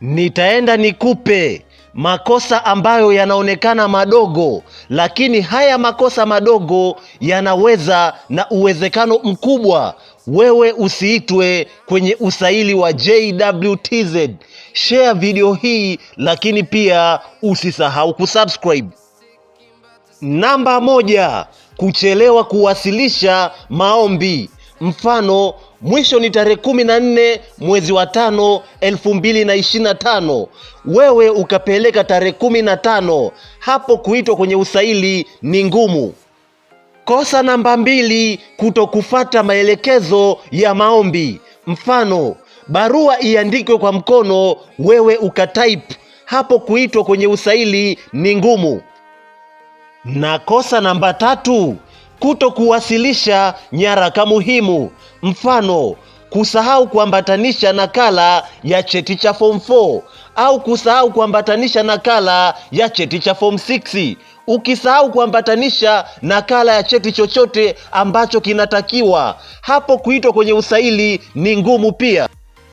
nitaenda nikupe makosa ambayo yanaonekana madogo, lakini haya makosa madogo yanaweza na uwezekano mkubwa wewe usiitwe kwenye usaili wa JWTZ. Share video hii, lakini pia usisahau kusubscribe. Namba moja, kuchelewa kuwasilisha maombi. Mfano, mwisho ni tarehe kumi na nne mwezi wa tano elfu mbili na ishirini na tano wewe ukapeleka tarehe kumi na tano hapo kuitwa kwenye usaili ni ngumu. Kosa namba mbili, kutokufata maelekezo ya maombi. Mfano, barua iandikwe kwa mkono, wewe ukataipu, hapo kuitwa kwenye usaili ni ngumu. Na kosa namba tatu kuto kuwasilisha nyaraka muhimu, mfano kusahau kuambatanisha nakala ya cheti cha form 4 au kusahau kuambatanisha nakala ya cheti cha form 6. Ukisahau kuambatanisha nakala ya cheti chochote ambacho kinatakiwa, hapo kuitwa kwenye usaili ni ngumu pia.